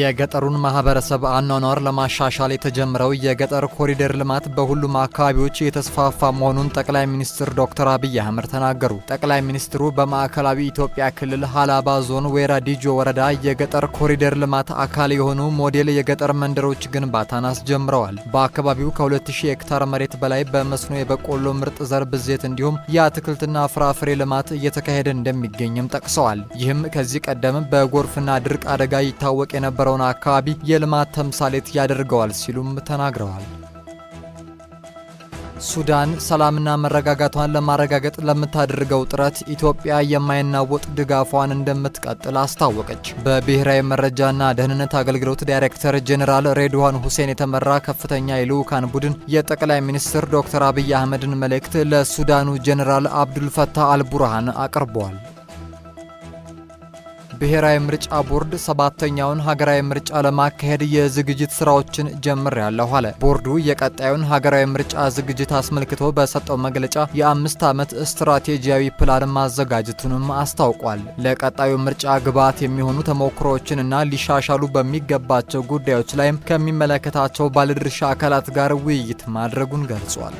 የገጠሩን ማህበረሰብ አኗኗር ለማሻሻል የተጀመረው የገጠር ኮሪደር ልማት በሁሉም አካባቢዎች የተስፋፋ መሆኑን ጠቅላይ ሚኒስትር ዶክተር አብይ አህመድ ተናገሩ። ጠቅላይ ሚኒስትሩ በማዕከላዊ ኢትዮጵያ ክልል ሀላባ ዞን ወይራ ዲጆ ወረዳ የገጠር ኮሪደር ልማት አካል የሆኑ ሞዴል የገጠር መንደሮች ግንባታን አስጀምረዋል። በአካባቢው ከ2000 ሄክታር መሬት በላይ በመስኖ የበቆሎ ምርጥ ዘር ብዜት እንዲሁም የአትክልትና ፍራፍሬ ልማት እየተካሄደ እንደሚገኝም ጠቅሰዋል። ይህም ከዚህ ቀደም በጎርፍና ድርቅ አደጋ ይታወቅ የነበረ የነበረውን አካባቢ የልማት ተምሳሌት ያደርገዋል ሲሉም ተናግረዋል። ሱዳን ሰላምና መረጋጋቷን ለማረጋገጥ ለምታደርገው ጥረት ኢትዮጵያ የማይናወጥ ድጋፏን እንደምትቀጥል አስታወቀች። በብሔራዊ መረጃና ደህንነት አገልግሎት ዳይሬክተር ጄኔራል ሬድዋን ሁሴን የተመራ ከፍተኛ የልዑካን ቡድን የጠቅላይ ሚኒስትር ዶክተር አብይ አህመድን መልእክት ለሱዳኑ ጄኔራል አብዱልፈታህ አልቡርሃን አቅርበዋል። ብሔራዊ ምርጫ ቦርድ ሰባተኛውን ሀገራዊ ምርጫ ለማካሄድ የዝግጅት ስራዎችን ጀምሬያለሁ አለ። ቦርዱ የቀጣዩን ሀገራዊ ምርጫ ዝግጅት አስመልክቶ በሰጠው መግለጫ የአምስት ዓመት ስትራቴጂያዊ ፕላን ማዘጋጀቱንም አስታውቋል። ለቀጣዩ ምርጫ ግብዓት የሚሆኑ እና ሊሻሻሉ በሚገባቸው ጉዳዮች ላይም ከሚመለከታቸው ባለድርሻ አካላት ጋር ውይይት ማድረጉን ገልጿል።